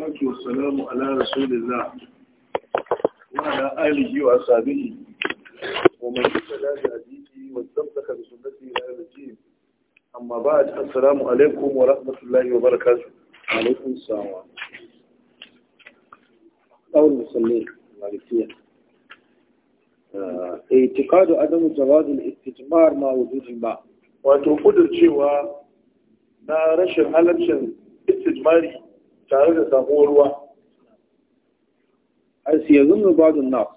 Wasu salamu ala rasulun za, wa na alihi wa sami'i, wa mai amma ba a ji assalamu alaikum wa rahmatullahi wa barakatu alaikun sawa ɗaurin musulmi a rikiya a itikadu adamu jawazin ikitimar ma wujudin ba wato kudur cewa na rashin halarcin istijmari tare da samuwar ruwa a siya zunnu badun nas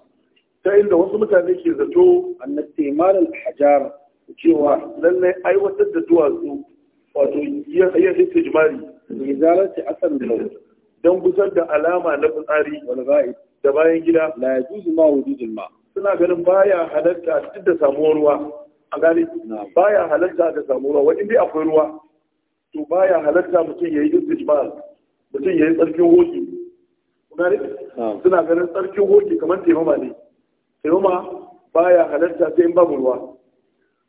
ta inda wasu mutane ke zato A na al-hajar cewa lallai aiwatar da duwatsu wato yin istijmari mai zararci asan da don gusar da alama na fitsari da bayan gida ya yajuzu ma wujudul ma suna ganin baya halarta duk da samuwar ruwa a gari baya halarta da samuwar ruwa wani dai akwai ruwa to ya halatta mutum ya yi istijmal mutum ya yi tsarkin hoki kuna ne suna ganin tsarkin hoki kamar taimama ne taimama ya halatta sai in ba ruwa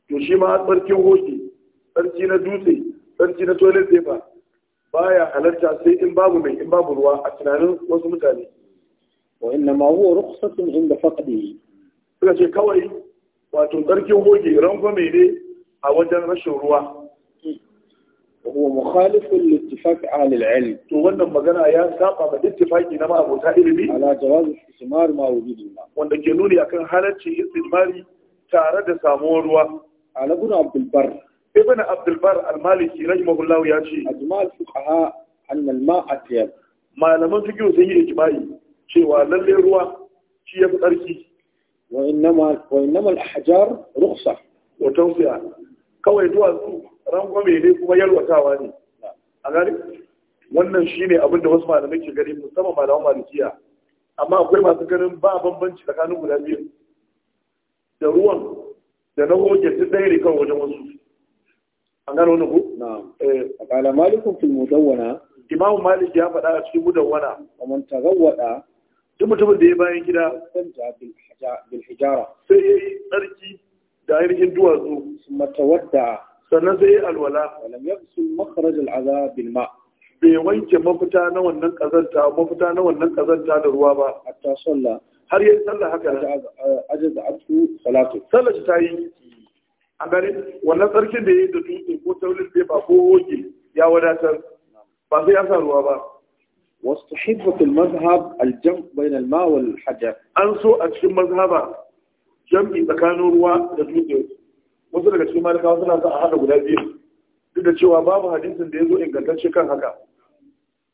to shi ma tsarkin hoki tsarki na dutse tsarki na toilet paper Ba ya halatta sai in babu mai in babu ruwa a tunanin wasu mutane wa inna ma huwa rukhsatun inda faqdihi suka ce kawai wato tsarkin hoki mai ne a wajen rashin ruwa huwa mukhalifun li ittifaq ahli al to wannan magana ya saba ma ittifaqi na ma'abota ilimi ala jawaz istismar ma wujudi wanda ke nuni akan halarci istismari tare da samuwar ruwa ala ibn abdul bar ibn abdul bar al-maliki ya ce ajma' al-fuqaha anna al-ma' atyab malaman fiqh sun yi ijma'i cewa lallai ruwa shi yafi tsarki wa innama wa innama al-ahjar rukhsa wa kawai duwatsu mai ne kuma yalwatawa ne a gani wannan shi ne abin da wasu malamai ke gani musamman malaman malikiya amma akwai masu ganin ba bambanci tsakanin guda biyu da ruwan da na hoge duk ɗaya ne kawai wajen wasu an gano wani ku? a ƙala eh. malikun fil mudawwana imamu malik ya faɗa a cikin mudawwana kamar tagawwada duk mutumin da ya bayan gida sai ya yi tsarki da ainihin duwatsu matawadda sannan zai yi alwala walam yaqsu makhraj al'adab bil ma bai wanke mafita na wannan kazanta mafita na wannan kazanta da ruwa ba hatta sallah har yayin sallah haka ajaza atu salatu sallah ta yi an gane wannan sarkin da yayi da dutse ko taulin da ba ko hoge ya wadatar ba sai ya sa ruwa ba واستحب في المذهب الجمع بين الماء والحجر أنسو أتشم مذهبا جمع إذا كانوا روا لدوده wasu daga cikin malikawa suna sa a haɗa guda biyu duk da cewa babu hadisin da ya zo ingantacce kan haka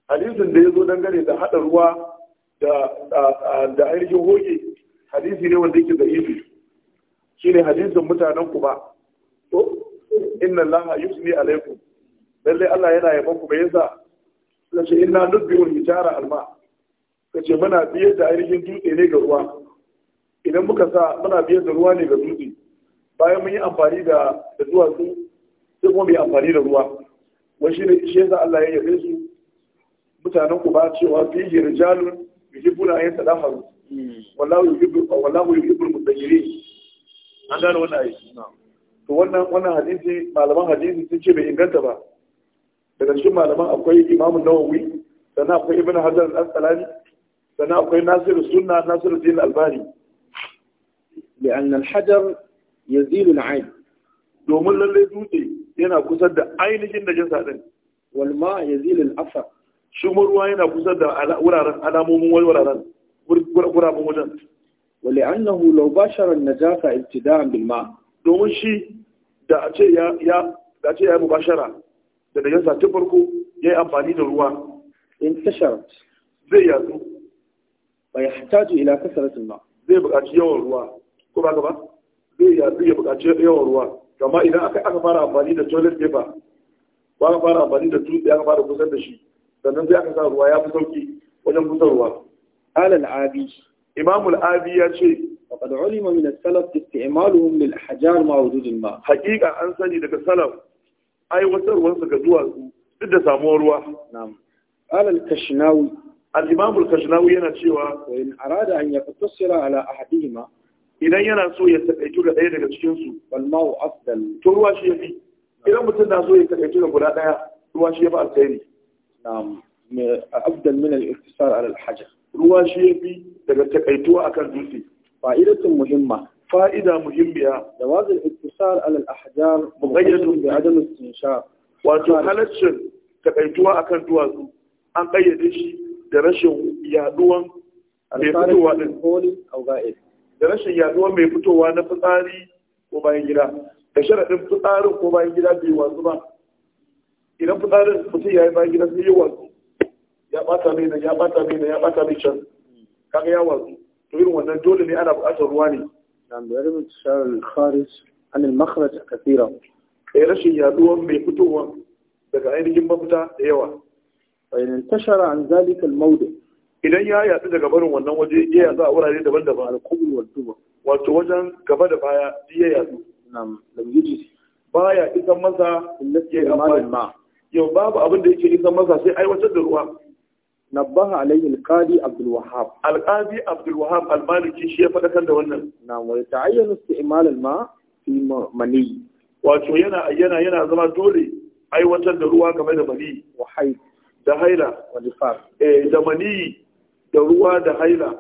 hadisin da ya zo dangane da haɗa ruwa da ainihin hoge hadisi ne wanda yake da ifi shi ne hadisin mutanen ku ba to inna allaha yusni alaikum lallai allah yana yaban ku bayan sa kace inna nubbiul hijara alma kace muna biyar da ainihin dutse ne ga ruwa idan muka sa muna biyar da ruwa ne ga dutse bayan mun yi amfani da da duwatsu sai kuma mai amfani da ruwa wani shi ne shi yasa Allah ya yabe su mutanen ku ba cewa fihi rijalun yuhibbuna an yatadaharu wallahu yuhibbu wallahu yuhibbul mutajiri an gano wannan ayi to wannan wannan hadisi malaman hadisi sun ce bai inganta ba daga cikin malaman akwai imamu Nawawi sannan akwai Ibn Hajar al-Asqalani sannan akwai Nasiru Sunna Nasiru Din Albani لأن الحجر yazilul ain domin lalle dutse yana kusar da ainihin najasa din wal ma yazilul afa shi ruwa yana kusar da wuraren alamomin wuraren wuraren. wajen wale annahu law na an-najasa ibtida'an bil ma domin shi da a ce ya yi da a ce ya mubashara da jinsa ta farko ya yi amfani da ruwa in tasharat zai yazo bai hataju ila kasratil ma zai buƙaci yawan ruwa ko ba ka ba zai yadu ya bukaci yawan ruwa kama idan aka aka fara amfani da toilet paper ba aka fara amfani da tutsi aka fara kusan da shi sannan sai aka sa ruwa ya fi sauki wajen kusan ruwa alal abi imam abi ya ce faqad ulima min al salaf isti'maluhum lil hajar ma wujud al ma haqiqa an sani daga salaf ai wasar wasu ga zuwa su duk da samuwar ruwa na'am alal kashnawi al imam al kashnawi yana cewa wa in arada an yafassira ala ma. idan yana so ya taƙaitu da ɗaya daga cikinsu walmahu afdal to ruwa shi ya fi idan mutum na so ya taƙaitu da guda ɗaya ruwa shi ya fi alkhairi na'am afdal min al-iktisar ala al ruwa shi ya fi daga taƙaituwa akan dutse fa'idatun muhimma fa'ida muhimmiya jawazul iktisar ala al-ahjar bi adam wato halaccin taƙaituwa akan duwatsu an ƙayyade shi da rashin yaduwan mai fitowa din da rashin yaduwar mai fitowa na fitsari ko bayan gida da sharaɗin fitsarin ko bayan gida bai wasu ba idan fitsarin mutum ya yi bayan gida sai yi wasu ya ɓata mai nan ya ɓata mai nan ya ɓata mai can kaga ya wasu to irin wannan dole ne ana buƙatar ruwa ne nan da yarin sharar kharij an al-makhraj kathira eh rashin yaduwar mai fitowa daga ainihin mafita da yawa fa in tashara an zalika al-mawdu' idan ya yatsu daga barin wannan waje ya yatsu a wurare daban-daban alkubur wa ba. wato wajen gaba da baya ya yatsu nam baya isan masa yi amalin ma yau babu abin da yake isan masa sai aiwatar da ruwa nabbaha alayhi alqadi abdul wahhab alqadi abdul wahhab shi ya fadakar da wannan nam wa ta'ayyanu istimal ma. fi mani wato yana yana yana zama dole aiwatar da ruwa game da mani wa haid da haila wa nifas eh da mani da ruwa da haila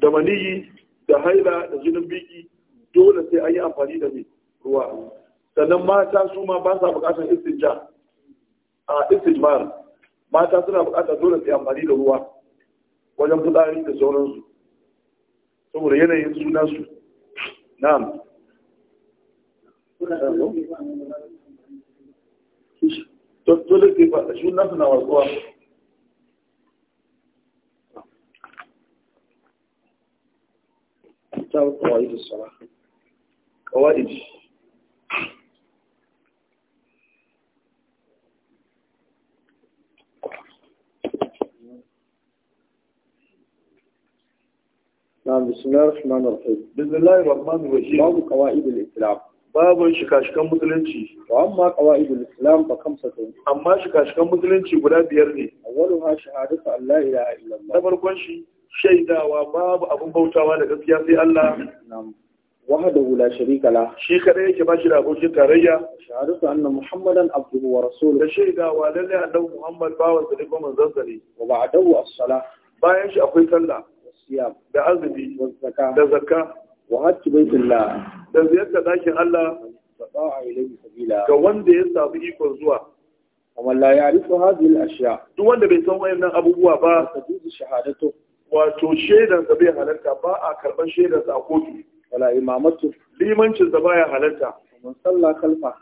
da maniyi da haila da jinin biki dole sai an yi amfani da mai ruwa sannan mata su ma ba sa bukatar istinja a istinjmar mata suna bukatar dole sai amfani da ruwa wajen fitsari da sauransu saboda yanayin suna su na'am dole sai ba sunan suna watsuwa littafin kawai da sara نعم بسم الله الرحمن الرحيم بسم الله الرحمن الرحيم باب قواعد الإسلام babin shikashikan musulunci amma qawaidul islam ba kamsa to amma shikashikan musulunci guda biyar ne awwalu ha shahadatu allahi la ilaha illallah na farkon shaidawa babu abin bautawa da gaskiya sai Allah wahdahu hula sharika la shi kada yake ba shi da abokin tarayya shahadatu anna muhammadan abduhu wa rasuluhu da shaidawa lalle annabi muhammad bawan sa ne kuma manzon sa ne wa ba'dahu as bayan shi akwai sallah da azumi wa zakka da zakka wa hajj baitullah da ziyarta dakin Allah saba'a ilayhi sabila ga wanda ya samu ikon zuwa ومن لا Duk wanda bai san بيسوي أن ba. با تجوز shahadatu wato shaidan bai halarta ba a karɓar shaidansa a kotu wala imamatu zaba baya halarta mun sallah kalfa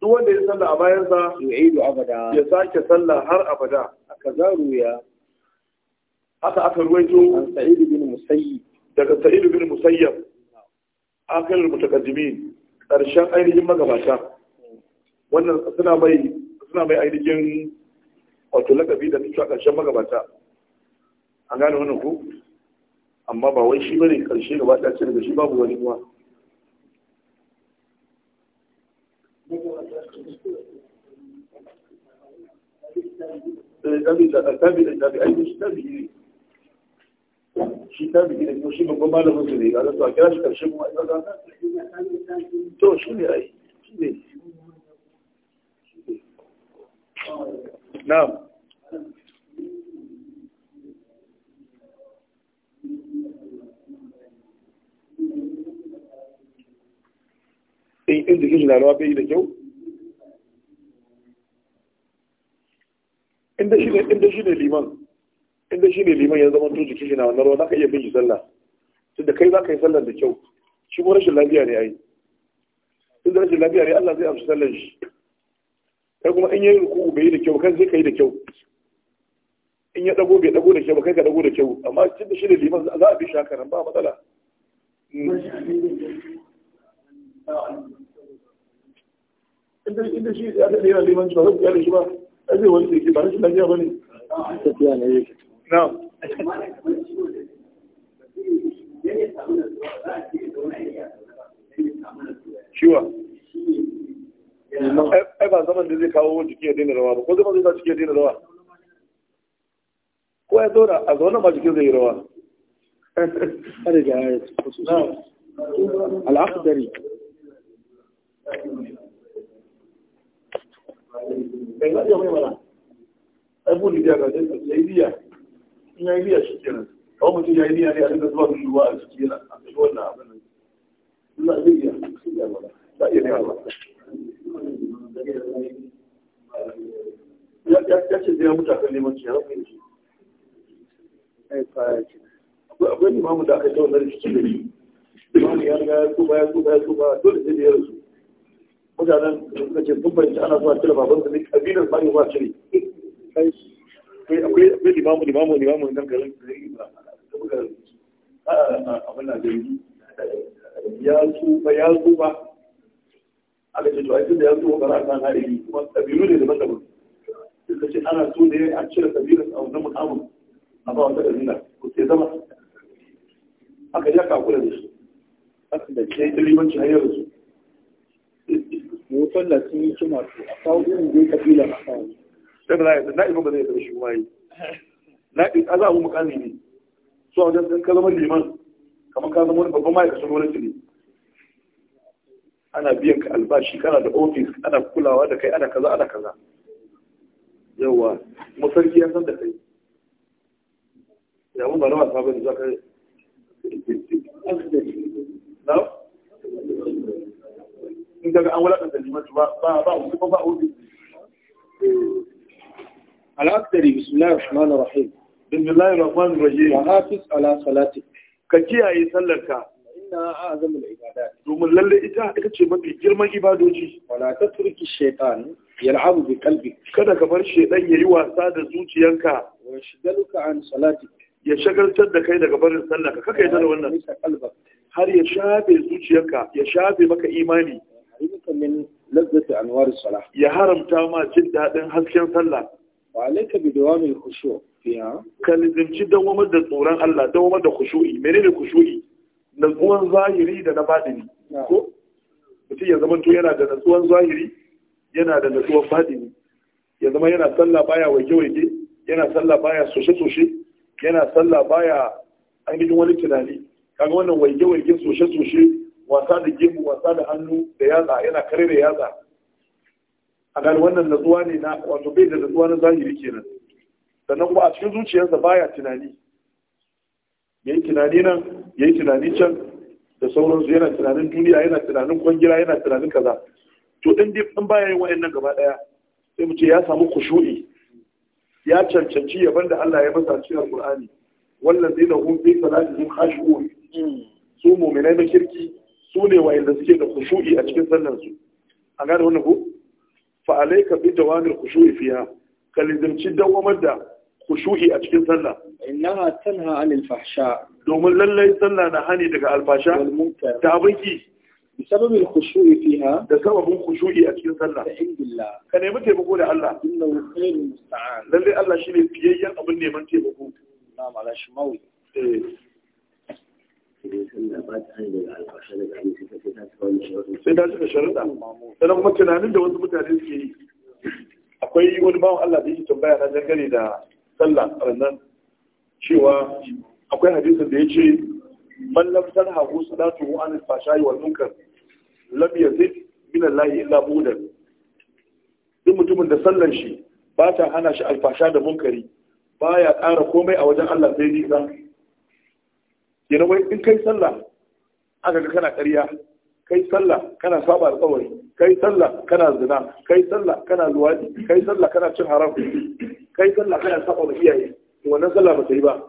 duk wanda ya sallah a bayansa yu'idu abada ya sake sallah har abada aka zaru ya aka aka ruwaito an sa'id bin musayyib daga sa'id bin musayyib akan mutakaddimin karshen ainihin magabata wannan suna mai suna mai ainihin wato lakabi da nufi a karshen magabata an gane wannan ko amma ba wai shi bane karshe gaba ta ce daga shi babu wani eh, ne su ai in in jikin shi na rawa bai da kyau inda shi ne inda shi ne liman inda shi ne liman ya zama to jikin shi na wannan rawa zaka iya bin shi sallah tunda kai za ka yi sallar da kyau shi ko rashin lafiya ne ai In da rashin lafiya ne Allah zai amsa sallar shi kai kuma in yayi ruku'u bai yi da kyau kan sai kai da kyau in ya dago bai dago da kyau kai ka dago da kyau amma tunda shi ne liman za a bi shi ba matsala hmm. inda shi ba shi zaman da zai kawo jiki ya daina rawa ba ko zaman zai sa jiki ya daina rawa ko ya zauna a zaune ma jikin zai yi rawa al'akhdari Kai za a iya mai mana, abu ga jinsa, ya yi biya, in ya yi biya shi kenan. Kawai ya yi ne a zuwa Ya ce Akwai da aka yi ta wannan da shi. ya riga ya tsuba ya tsuba ya tsuba dole sai da ya rasu. mutanen da suka ce sun ana zuwa cire baban su ne kabilar ba ne zuwa cire akwai limamu limamu limamu nan garin da zai ba da buga abin da zai ya tsufa ya tsufa aka ce to ai da ya tsufa ba za a san hari kuma kabilu ne daban-daban suka ce ana so da ya a cire kabilar a wannan mukamin a ba wata kabila ko sai zama aka ja kakula da shi aka da yi limanci hanyar da su sallah sun yi kima to a kawo irin zai kabila a kawo sai na yadda na'ibin ba zai yadda shi kuma yi na'ib a za mu mukami ne so a wajen ka zama liman kamar ka zama wani babban ma'aikacin gwamnati ne ana biyan ka albashi kana da ofis ana kulawa da kai ana kaza ana kaza yawa kuma sarki ya san da kai Ya yawon ba na wasa ba ne za ka yi na in kaga an wulakanta limanci ba ba ba wuce ba ba wuce al-akhdari bismillahir rahmanir rahim bismillahir rahmanir rahim wa hafiz ala salatik ka kiyaye sallarka inna a'zamul ibadat domin lalle ita ita ce mafi girman ibadoci wala tatruki shaytan yal'abu bi qalbi kada ka bar shaytan yayi wasa da zuciyanka wa shagaluka an salatik ya shagaltar da kai daga barin sallarka kaka yi da wannan har ya shafe zuciyarka ya shafe maka imani yuharrimuka min lazzati anwar salah ya haramta ma jin daɗin hasken sallah wa alayka bi dawamil khushu' fiha ka lizimci dawamar da tsoron Allah dawamar da khushu'i menene khushu'i natsuwan zahiri da na batini ko mutum ya zama to yana da natsuwan zahiri yana da natsuwan batini ya zama yana sallah baya waje-waje yana sallah baya soshe-soshe yana sallah baya an ainihin wani tunani kaga wannan waige waje soshe-soshe wasa da gemu, wasa da hannu da yatsa yana kare da yatsa a gani wannan natsuwa ne na wato bai da natsuwa na zahiri kenan sannan kuma a cikin zuciyarsa baya tunani ya yi tunani nan ya yi tunani can da sauransu yana tunanin duniya yana tunanin kwangila yana tunanin kaza to ɗin dai ɗan baya yin wa'annan gaba ɗaya sai mu ce ya samu kushu'i ya cancanci ya da Allah ya masa cikin al wannan zai da hun fi salatihim khashu'un hmm. su mu'minai na kirki su ne wa'inda suke da kushu'i a cikin sallansu a gane wani ku fa alaika bi dawamil khushu'i fiha kalizimci dawamar da khushu'i a cikin sallah innaha tanha anil fahsha domin lallai sallah na hani daga alfasha da abinki a الخشوع فيها Da سبب الخشوع أكين صلى عند الله كان يمتى بقول الله إنه خير المستعان للي الله شيء في أبن يمتى بقول نعم على شموي إيه. sai ta cika sharuɗa sannan kuma tunanin da wasu mutane suke yi akwai wani bawan Allah da yake tambaya na dangane da sallah nan. cewa akwai hadisin da ya ce man lam salatu salatuhu an al-fashai wal munkar lam yazid min Allah illa mudan duk mutumin da sallan shi ba ta hana shi alfasha da munkari baya ƙara komai a wajen Allah sai nisa kenan wai in kai sallah aka ga kana ƙarya kai sallah kana saba alƙawari kai sallah kana zina kai sallah kana luwadi kai sallah kana cin haram kai sallah kana saba wa iyaye to wannan sallah ba ta yi ba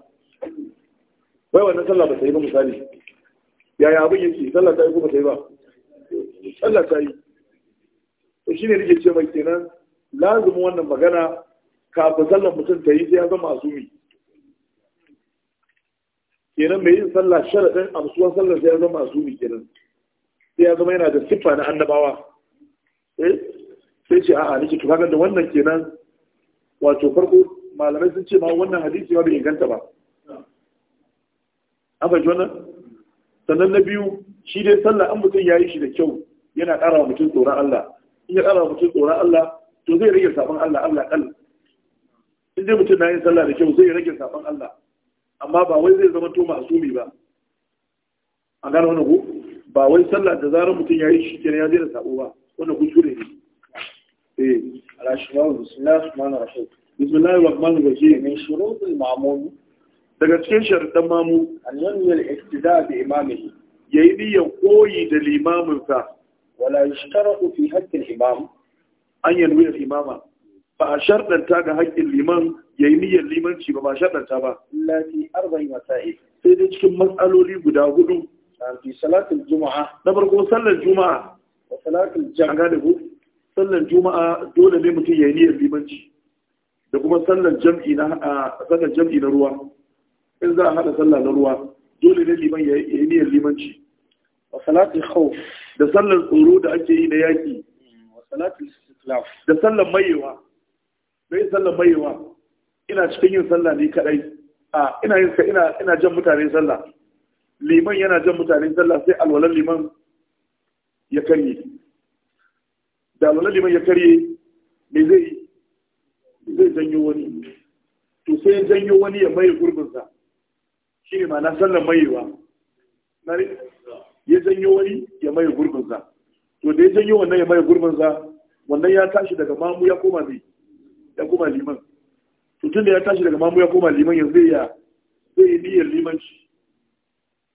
wai wannan sallah ba ta yi ba misali yaya abin yake sallah ta yi ko ba ta yi ba sallah ta yi to shine nake ce mai kenan lazumin wannan magana kafin sallar mutum ta yi sai ya zama asumi kenan mai yin sallah sharaɗin amsuwan sallar sai ya zama azumi kenan sai ya zama yana da siffa na annabawa eh? sai ce a'a nake to da wannan kenan wato farko malamai sun ce ma wannan hadisi ba bai inganta ba an fahimci wannan sannan na biyu shi dai sallah an mutum ya yi shi da kyau yana ƙara wa mutum tsoron Allah in ya ƙara wa mutum tsoron Allah to zai rage sabon Allah Allah ƙal in dai mutum na yin sallah da kyau zai rage sabon Allah amma ba wai zai zama to masumi ba A gane wani ku ba wai sallah da zarar mutum ya yi shi kenan ya zai da sabo ba wannan kuskure ne eh alashmawu bismillahir rahmanir rahim bismillahir rahmanir rahim min shurutul ma'mum daga cikin sharuɗan mamu annan yal iktida bi imamihi yayi biyan koyi da limamin sa ولا يشترط في حق الإمام أن ينوي الإمامة ga haqqi al-imam yi niyyar limanci ba ba shaɗanta ba lati arba'in masa'i. sai dai cikin matsaloli guda hudu fi salatin juma'a na farko sallar juma'a wa salatul jama'a da ku sallar juma'a dole ne mutum ya yi niyyar limanci da kuma sallar jam'i na sallar jam'i na ruwa in za a haɗa sallah na ruwa dole ne liman ya yi niyyar limanci wa salatin khawf da sallar tsoro da ake yi na yaki hmm, wa salatin istilaf da sallar mayewa bai sallar mayewa ina cikin yin sallah ne kadai a ina yin ina ina jan mutane sallah liman yana jan mutane sallah sai alwalan liman ya karye da alwalan liman ya karye me zai zai janyo wani to sai ya janyo wani ya maye sa, shi ne ma na sallan mayewa ya janyo wani ya maye sa. to da ya janyo wannan ya maye sa, wannan ya tashi daga mamu ya koma zai ya koma liman tutun da ya tashi daga mamu ya koma liman yanzu zai ya zai yi niyyar limanci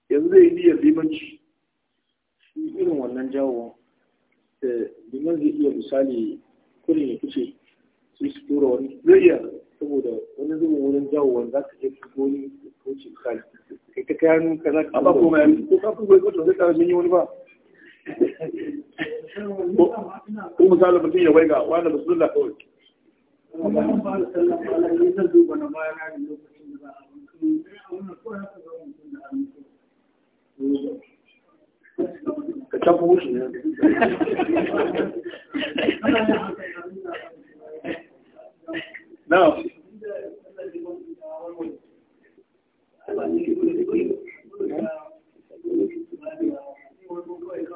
yanzu zai yi niyyar limanci irin wannan jawo da eh, liman zai iya misali kudin ya kuce su su tura wani zai iya saboda wani zuwa wurin jawo wani za ka iya fito ni kuce misali kai ta kayan ka za ka ba ko mai ko ka fi gwai kwato zai kara wani ba ko misali mutum ya waiga wani musulun da kawai ka ne na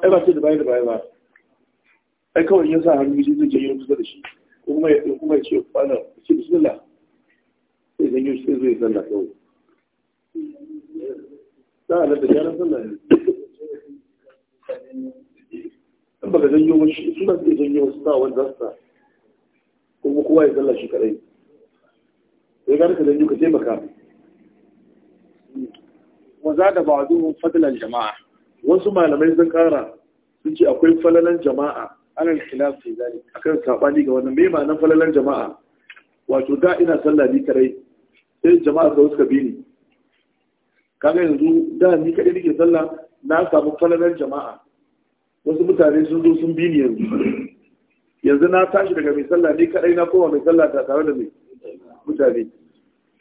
ai ba ce da baya da baya ba ai kawai yin sa hannu zai zai je yin kusa da shi kuma ya kuma ya ce kwana ce bismillah sai zanyo shi zai sallah kawai za a da gyaran sallah ne in baka zanyo wani shi su zai zanyo wasu sa wanda za su sa kuma kowa ya sallah shi kadai sai ka rika zanyo ka taimaka wa za da ba'duhum fadlan jama'a wasu malamai sun kara sun ce akwai falalan jama'a alal khilaf fi zalik akan sabani ga wannan me ma'anar falalan jama'a wato da ina sallah ni kare sai jama'a ga suka bi ni kaga yanzu da ni kadai nake sallah na samu falalan jama'a wasu mutane sun zo sun bi ni yanzu yanzu na tashi daga mai sallah ni kadai na koma mai sallah ta tare da mai mutane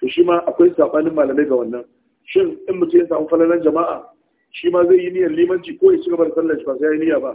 to shi ma akwai sabanin malamai ga wannan shin in mutum ya samu falalan jama'a shi ma zai yi niyyar limanci ko ya ci gaba da sallar shi ba sai ya yi niyya ba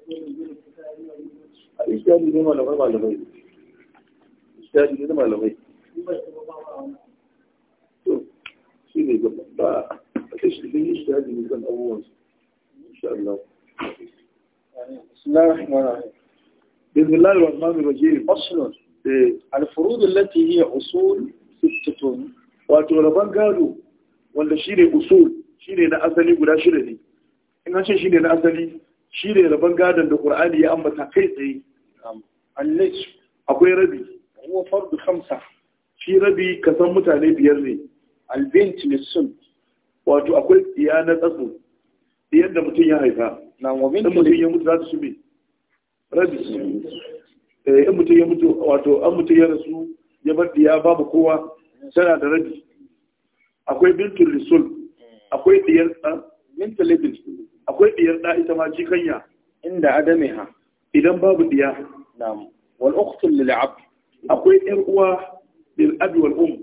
a ishtihadi ne malamai malamai ishtihadi ne malamai to shi ne a kashin بسم الله الرحمن الرحيم أصل الفروض التي هي أصول ستة وتغلبان قالوا ولا شيء أصول شيء أصلي ولا شيء إن شيء أصلي shi ne rabon gadon da ƙur'ani ya ambata kai tsaye annis akwai rabi huwa fardu kamsa shi rabi ka san mutane biyar ne albint sun wato akwai iya na biyar yadda mutum ya haifa na wamin mutum ya mutu za su shube rabi su eh, yi mutum ya mutu wato an mutum ya rasu ya bar diya babu kowa tana da rabi akwai bintul risul hmm. akwai diyar bintul lisul akwai diyar da ita ma jikanya inda adamiha idan babu diya na'am wal ukhtu lil ab akwai yar uwa bil abi wal um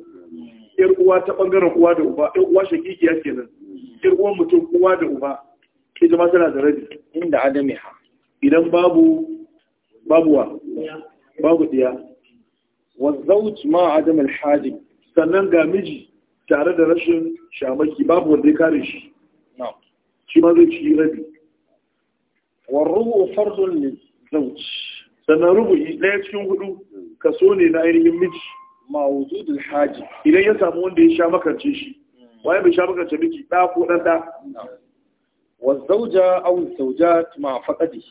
yar uwa ta bangaren uwa da uba yar uwa shakikiya kenan yar uwa mutum uwa da uba ita ma tana da rabi inda adamiha idan babu babuwa babu diya wa zawj ma adam al hajib sannan ga miji tare da rashin shamaki babu wanda ya kare shi shi ma zai ci rabi warrubu farzun ne zauci sannan rubu'i ɗaya cikin hudu kaso ne na ainihin miji ma wujudul haji idan ya samu wanda ya sha makarce shi hmm. waye bai sha makarce miji ɗa ko ɗan ɗa wa zauja aw zaujat ma faqadi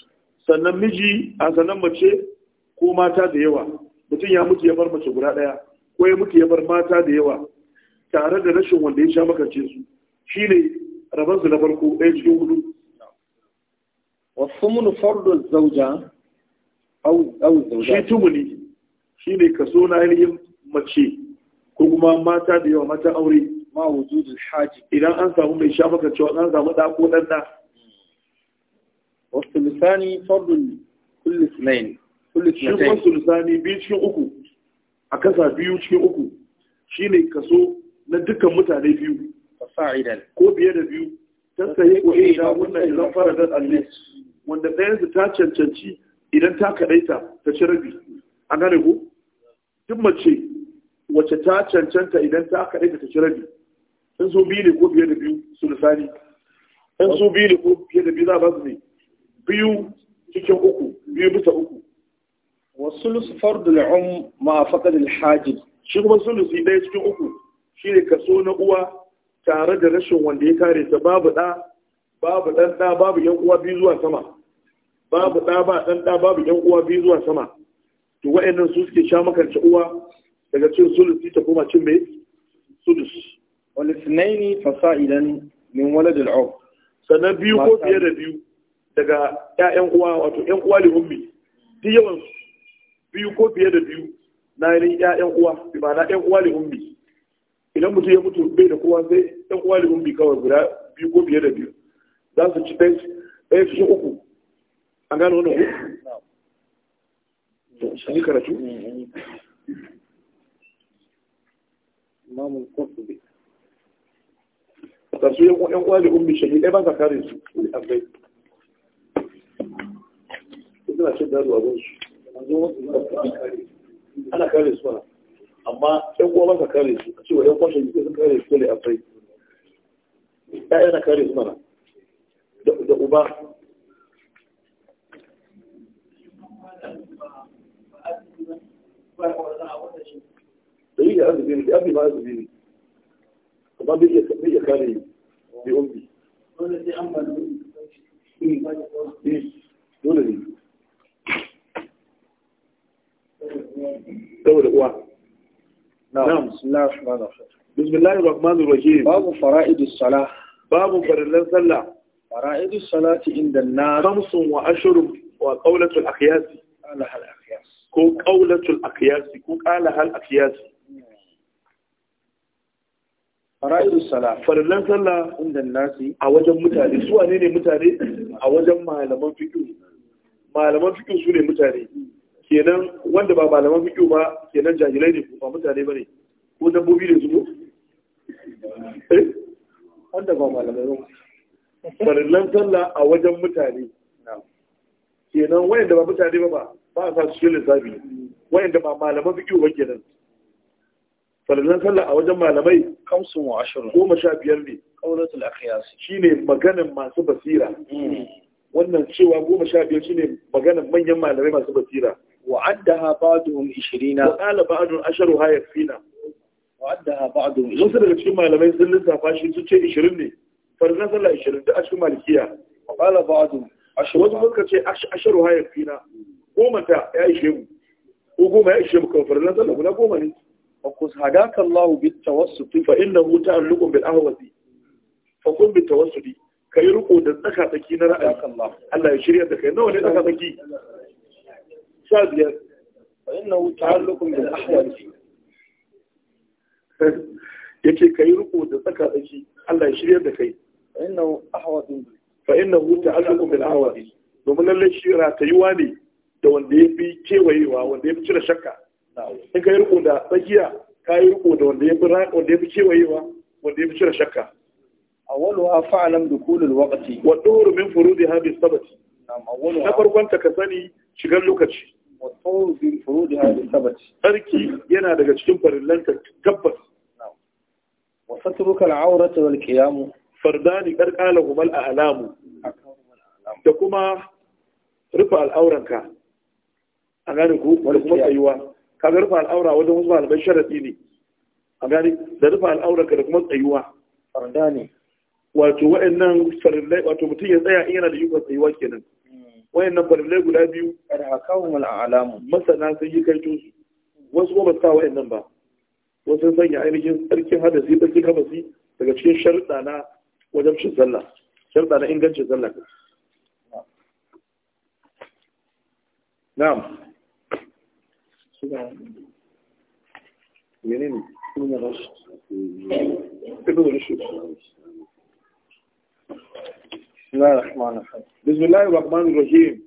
sannan miji a sannan mace ko mata da yawa mutum ya mutu ya bar mace guda ɗaya ko ya mutu ya bar mata da yawa tare da rashin wanda ya sha makarce su shine rabar su na farko ɗaya cikin hudu wasu mun fardo zauja au zauja shi tumuli shi ne kaso na yin mace ko kuma mata da yawa mata aure ma wujudul haji idan an samu mai sha maka cewa an samu ɗa ko ɗan da wasu lisani fardun kullu sunain kullu sunain shi wasu lisani biyu cikin uku a kasa biyu cikin uku shine kaso na dukkan mutane biyu fasa'idan ko biye da biyu tasaye ko wannan idan faradat al-lis wanda ɗayan su ta cancanci idan ta kadaita ta ci rabi A gane ku duk mace wacce ta cancanta idan ta kadaita ta ci rabi in so biyu ne ko biye da biyu su lisani in so biyu ne ko biye da biyu za ba su ne biyu cikin uku biyu bisa uku wasulus fardul um ma faqad al hajji. shi kuma sulusi ɗaya cikin uku shine kaso na uwa tare da rashin wanda ya kare ta babu ɗa babu ɗan ɗa babu yan uwa biyu zuwa sama babu ɗa ba ɗan ɗa babu yan uwa biyu zuwa sama to wa'annan su suke sha makarci uwa daga cin sulusi ta kuma cin mai sulus wani sinaini idan min da al'ab sannan biyu ko fiye da biyu daga ƴaƴan uwa wato ƴan uwa li ummi duk yawan biyu ko fiye da biyu na yanin ƴaƴan uwa bi na ƴan uwa li ummi idan mutum ya mutu bai da kowa sai ɗan uwa limin bi kawai guda biyu ko biyar da biyu za su ci ɗaya cikin uku an gano wani uku shi karatu imamun kurtubi da su yan uwa limin bi shahi ɗaya ba sa kare su a kai suna cin daru abin su ana kare su ana amma ɗan uwa ba ka kare su a cewa ɗan kwashe jiki sun kare su dole a kai ƴaƴa na kare su mana da uba da yi da arziki ne da abin ba arziki ne amma bai iya kare bai umbi dole sai an ba dole ne saboda uwa na'am bismillahir rahmanir rahim bismillahir rahmanir babu fara'idus salah babu farillan sallah fara'idus salati inda na khamsun wa ashrun wa qawlatul akhyas ala hal akhyas ko qawlatul akhyas ko qala hal akhyas fara'idus sala farillan sallah inda nasi a wajen mutane su wane mutane a wajen malaman fiqh malaman fiqh su ne mutane kenan wanda ba malaman fiƙo ba kenan jahilai ne ba mutane ba ne ko dabbobi ne zubo eh wanda ba malamai ba farillan sallah a wajen mutane kenan wayanda ba mutane ba ba ba a sasu su shi lissafi wayanda ba malaman fiƙo ba kenan farillan sallah a wajen malamai kamsun wa ashirin goma sha biyar ne su, akhyas shine maganin masu basira hmm. wannan cewa goma sha biyar shine maganin manyan malamai masu basira wa'addaha ba'duhum 20 wa qala ba'dun asharuha yakfina wa'addaha ba'duhum wasu daga cikin malamai sun lissafa shi su ce 20 ne farzan sallah 20 da ashin malikiya wa qala ba'dun wasu suka ce asharuha yakfina goma ta ya ishe mu ko goma ya ishe mu kan farzan sallah guda goma ne wa kushadaka Allahu bit tawassut fa innahu ta'alluqun bil ahwasi fa kun bit tawassuti kai riko da tsaka tsaki na ra'ayi Allah ya shirya da kai nawa ne tsaka tsaki sha فإنه تعلق riko da tsaka tsaki Allah ya shirya da kai fa innahu ahwadun fa innahu ta'alluqun bil ahwal domin دي shi ratayuwa ne da wanda ya fi kewayewa wanda ya fi cire shakka in ka yi riko da tsakiya ka yi riko da wanda ya fi kewayewa wanda ya fi cire shakka awwaluha fa'lam dukulul min na ka sani shigar lokaci tsarki yana daga cikin farillanta tabbas wa satruka al'aurata wal qiyam fardani qarqala a a'lamu da kuma rufe al'auranka a gane ku da kuma tsayuwa kaga rufe al'aura wajen wasu malamai sharadi ne a gane da rufe al'auranka da kuma tsayuwa fardani wato wa'annan farillai wato mutum ya tsaya in yana da yukon tsayuwa kenan wayannan farillai guda biyu ar hakahum al alamu masana sun yi kai su wasu ba sa nan ba wasu sun sanya ainihin tsarkin da tsarkin habasi daga cikin sharda na wajen cin sallah sharda na ingancin sallah na'am menene ibn بسم الله الرحمن الرحيم بسم الله الرحمن الرحيم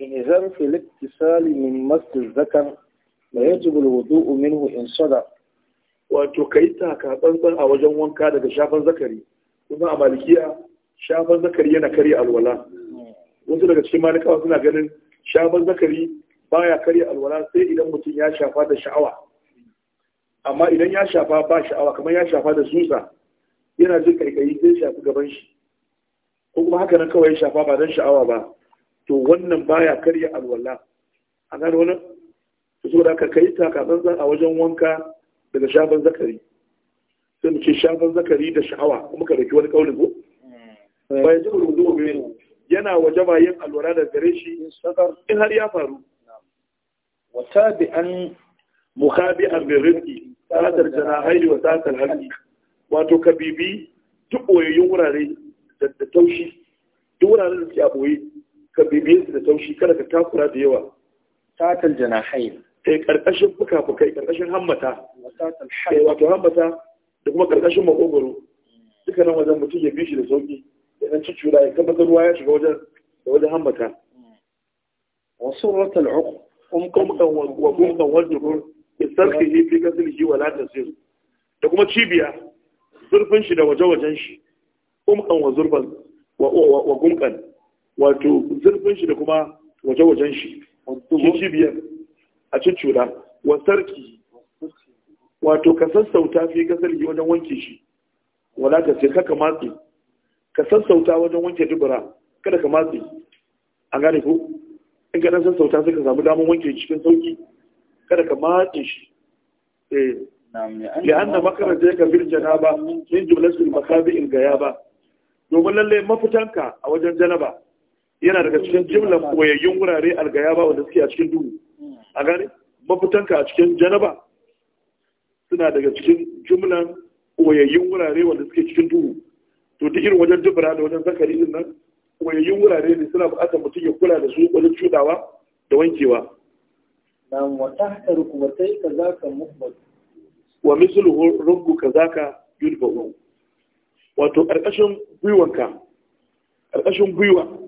إن في الاتصال من مس الذكر لا يجب الوضوء منه إن صدر wato ka yi takatsantsan a wajen wanka daga shafan zakari kuma a malikiya shafan zakari yana karya alwala wasu daga cikin malikawa suna ganin shafan zakari baya karya alwala sai idan mutum ya shafa da sha'awa amma idan ya shafa ba sha'awa kamar ya shafa da susa, yana jin kaikayi zai shafi gaban shi ko kuma haka nan kawai shafa ba don sha'awa ba to wannan baya karya alwala a nan wani su so da ka kai takatsantsan a wajen wanka daga shafin zakari sai mu ce shafin zakari da sha'awa kuma ka dauki wani kaulin ko ba eh. ya ji rudu ba yana waje ba yin alwala da gare shi in har ya faru wata bi an mukabi an bi rizki satar jana haili wa satar hannu wato ka bibi duk wurare da taushi duk wani da ke a ka bibiye su da taushi kada ka takura da yawa satal janahain kai eh, karkashin fuka-fukai karkashin hammata kai eh, wato hammata da kuma karkashin makogoro dukkanin wajen mutum ya bishi da sauki idan cucura ya tabbatar ruwa ya shiga wajen da wajen hammata wasu ratar umkan wajen istarki ne fi kasilihi wa latar da kuma cibiya zurfin shi da waje-wajen shi umkan wa zurban wa gunkan wato zurbin shi da kuma waje-wajen shi shi cibiyar a cura. wa sarki wato ka sassauta fi kasarki wajen wanke shi wala ka sai kaka matsi ka sassauta wajen wanke dubura kada ka matsi A gane ko in ka dan sassauta sai ka samu damar wanke cikin sauki kada ka matsi shi eh لأن مخرج ba, yin الجنابة من makabi المخابئ ba. domin lallai mafitanka a wajen janaba yana daga cikin jimlar koyayyun wurare ba wanda suke a cikin duhu a gane mafitanka a cikin janaba suna daga cikin jumlan koyayyun wurare wanda suke cikin duhu to duk irin wajen dubura da wajen zakari din nan koyayyun wurare ne suna buƙatar mutum ya kula da su wajen cudawa da wankewa nan wa tahta rukubatai kazaka muhbad wa mislu rubu zaka yudba'u wato ƙarƙashin gwiwanka ƙarƙashin gwiwa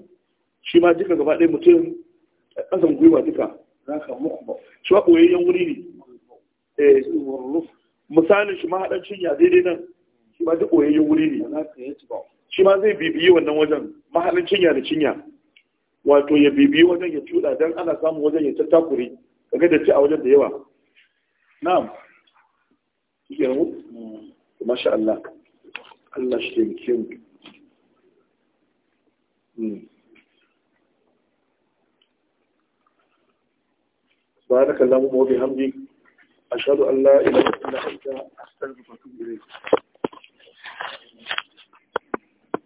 shi ma duka gaba ɗaya mutum ƙasan gwiwa duka shi ma ɓoyayyen wuri ne eh, misalin shi ma haɗancin cinya daidai nan shi ma duk ɓoyayyen wuri ne shi ma zai bibiyi wannan wajen mahaɗin cinya da cinya wato ya bibiyi wajen ya cuɗa don ana samun wajen ya tattakuri daga da ci a wajen da yawa na'am ke mu mm. masha Allah Allah shi taimake mu سبحانك اللهم وبحمدك أشهد أن لا إله إلا أنت أستغفرك وأتوب إليك